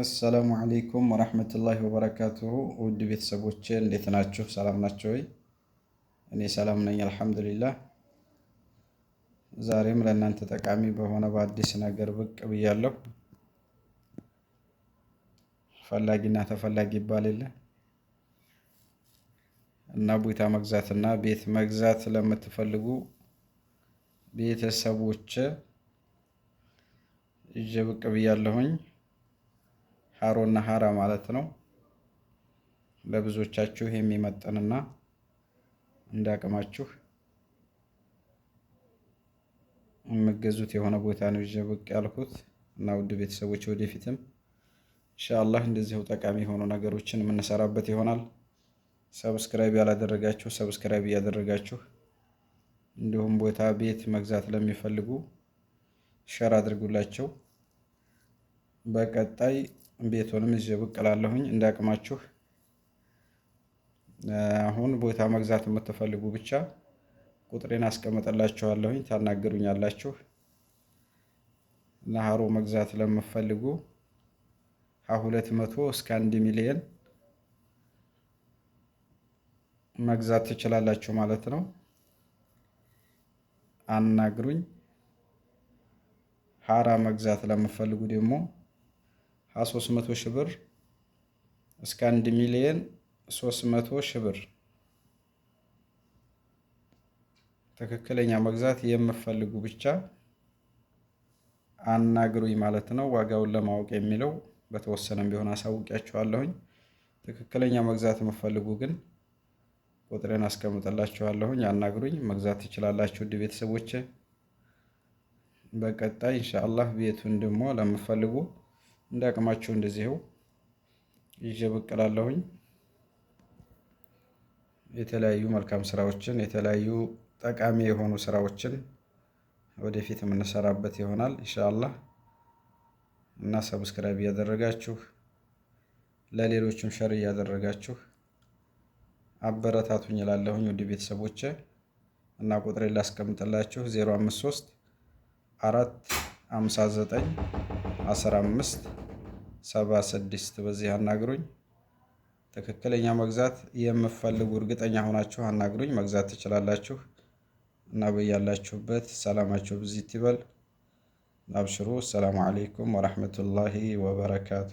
አሰላሙ አሌይኩም ወረህመቱላሂ ወበረካቱሁ ውድ ቤተሰቦች እንዴት ናችሁ? ሰላም ናቸው ወይ? እኔ ሰላም ነኝ አልሐምዱሊላህ። ዛሬም ለእናንተ ጠቃሚ በሆነ በአዲስ ነገር ብቅ ብያለሁ። ፈላጊና ተፈላጊ ይባል የለ እና ቦታ መግዛትና ቤት መግዛት ለምትፈልጉ ቤተሰቦች ይዤ ብቅ ብያለሁኝ። ሀሮና ሀራ ማለት ነው። ለብዙዎቻችሁ የሚመጠንና እንዳቅማችሁ የምገዙት የሆነ ቦታ ነው ይዤ ብቅ ያልኩት እና ውድ ቤተሰቦች ወደፊትም ኢንሻአላህ እንደዚሁ ጠቃሚ የሆኑ ነገሮችን የምንሰራበት ይሆናል። ሰብስክራይብ ያላደረጋችሁ ሰብስክራይብ እያደረጋችሁ እንዲሁም ቦታ ቤት መግዛት ለሚፈልጉ ሸር አድርጉላቸው። በቀጣይ ቤቱንም ይዤ ብቅ እላለሁኝ። እንዳቅማችሁ አሁን ቦታ መግዛት የምትፈልጉ ብቻ ቁጥሬን አስቀምጥላችኋለሁኝ ታናግሩኛላችሁ። ለሀሮ መግዛት ለምፈልጉ ከሁለት መቶ እስከ አንድ ሚሊየን መግዛት ትችላላችሁ ማለት ነው። አናግሩኝ። ሀራ መግዛት ለምፈልጉ ደግሞ 300 ሺህ ብር እስከ 1 ሚሊዮን 300 ሺህ ብር ትክክለኛ መግዛት የምፈልጉ ብቻ አናግሩኝ ማለት ነው። ዋጋውን ለማወቅ የሚለው በተወሰነም ቢሆን አሳውቂያችኋለሁኝ። ትክክለኛ መግዛት የምፈልጉ ግን ቁጥሬን አስቀምጥላችኋለሁኝ። አናግሩኝ፣ መግዛት ትችላላችሁ። ውድ ቤተሰቦች በቀጣይ ኢንሻአላህ ቤቱን ደግሞ ለምፈልጉ እንደ አቅማችሁ እንደዚህው ይዤ ብቅ እላለሁኝ። የተለያዩ መልካም ስራዎችን የተለያዩ ጠቃሚ የሆኑ ስራዎችን ወደፊት የምንሰራበት ይሆናል ኢንሻአላህ እና ሰብስክራይብ እያደረጋችሁ ለሌሎችም ሸር እያደረጋችሁ አበረታቱኝ እላለሁኝ። ውድ ቤተሰቦቼ እና ቁጥሬ ላስቀምጥላችሁ 053 459 15 76 በዚህ አናግሩኝ። ትክክለኛ መግዛት የምፈልጉ እርግጠኛ ሆናችሁ አናግሩኝ፣ መግዛት ትችላላችሁ። እና በያላችሁበት ሰላማችሁ ብዚት ይበል። አብሽሩ። አሰላሙ አለይኩም ወረሕመቱላሂ ወበረካቱ።